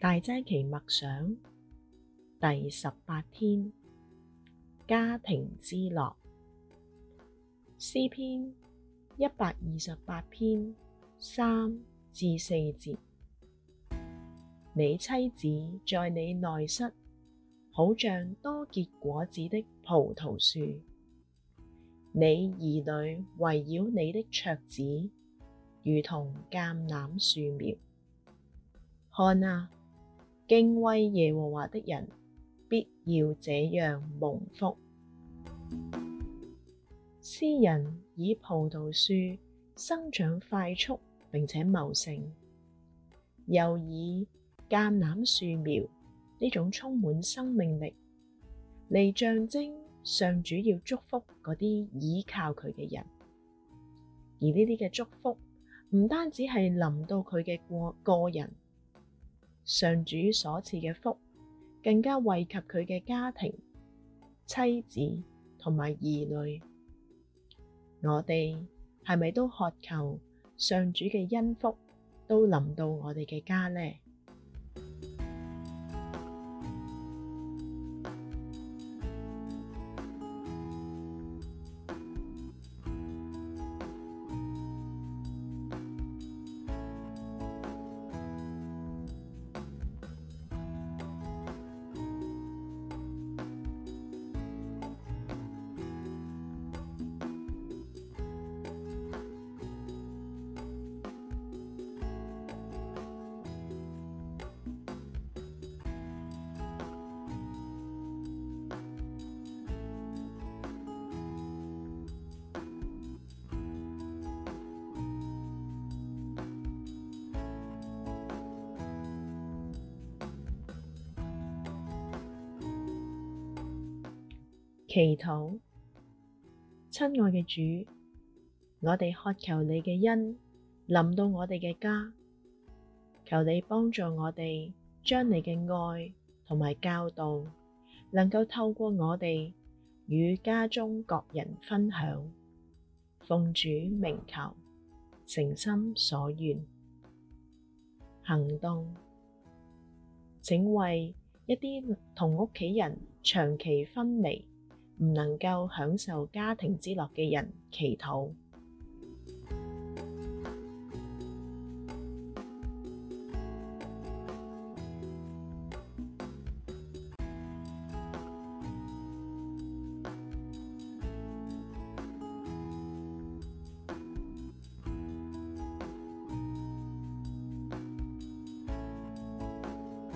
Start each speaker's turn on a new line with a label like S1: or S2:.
S1: 大齋期默想第十八天，家庭之樂，詩篇一百二十八篇三至四節。你妻子在你內室，好像多結果子的葡萄樹；你兒女圍繞你的桌子，如同橄欖樹苗。看啊！敬畏耶和華的人，必要這樣蒙福。詩人以葡萄樹生長快速並且茂盛，又以橄欖樹苗呢種充滿生命力嚟象徵上主要祝福嗰啲倚靠佢嘅人，而呢啲嘅祝福唔單止係臨到佢嘅個個人。上主所賜嘅福，更加惠及佢嘅家庭、妻子同埋兒女。我哋係咪都渴求上主嘅恩福都臨到我哋嘅家呢？祈禱，親愛嘅主，我哋渴求你嘅恩臨到我哋嘅家。求你幫助我哋，將你嘅愛同埋教導能夠透過我哋與家中各人分享。奉主名求，誠心所願。行動，請為一啲同屋企人長期分離。唔能夠享受家庭之樂嘅人祈禱。